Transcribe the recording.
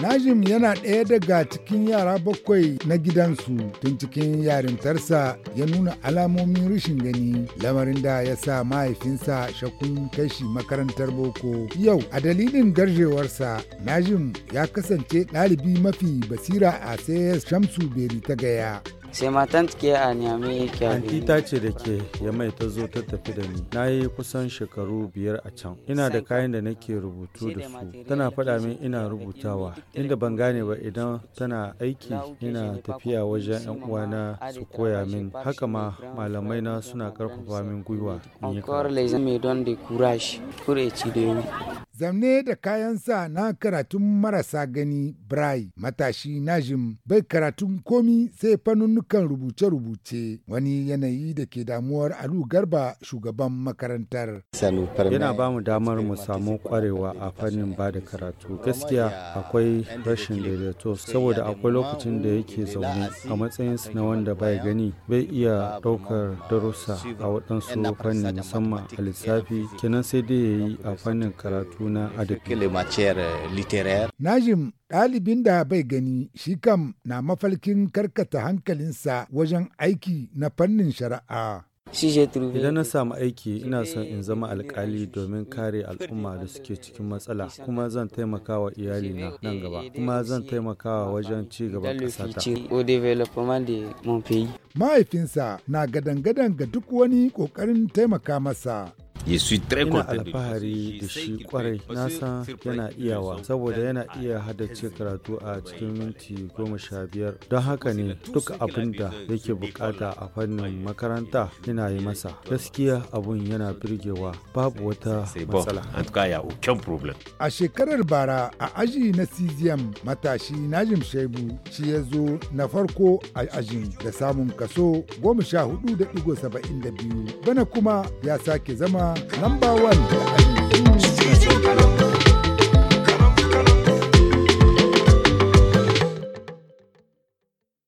Najim yana ɗaya daga cikin yara bakwai na gidansu tun cikin yarintarsa ya nuna alamomin rashin gani lamarin da ya sa mahaifinsa shakun kashi makarantar boko. Yau a dalilin garjewarsa Najim ya kasance ɗalibi mafi basira a sayar Shamsu Beri ta gaya. sai matan ke a nyame ke anti ta ce da ke ya mai ta zo ta tafi da ni na yi kusan shekaru biyar a can ina da kayan da nake rubutu da su tana faɗa min ina rubutawa inda ban gane ba idan tana aiki ina tafiya wajen yan uwana su koya min haka ma malamai na suna karfafa min gwiwa don in yi Zamne da kayansa na karatun marasa gani Brai matashi Najim bai karatun komi sai fanunukan rubuce-rubuce wani yanayi da ke damuwar Alu Garba shugaban makarantar. Yana ba mu damar mu samu kwarewa a fannin ba da karatu. Gaskiya akwai rashin daidaito saboda akwai lokacin da yake zaune a matsayin na wanda bai gani bai iya ɗaukar darussa a waɗansu fannin musamman a lissafi kenan sai dai ya yi a fannin karatu rubutu na euh, Najim ɗalibin da bai gani shi kam na mafalkin karkata hankalinsa wajen aiki na fannin shari'a. Idan na samu aiki ina son in zama alkali domin kare al'umma da suke cikin matsala kuma zan taimaka wa iyali na nan gaba kuma zan taimaka wa wajen ci gaba ƙasata. Mahaifinsa na gadan-gadan ga duk wani ƙoƙarin taimaka masa Ina alfahari da shi kwarai nasa yana iyawa saboda yana iya haddace karatu a cikin minti goma sha biyar don haka ne duk abin da yake bukata a fannin makaranta yana yi masa gaskiya abun yana birgewa babu wata matsala. A shekarar bara a aji na CZM matashi Najim Shaibu shi ya zo na farko a aji da samun kaso goma sha hudu da digo saba'in da biyu bana kuma ya sake zama number one.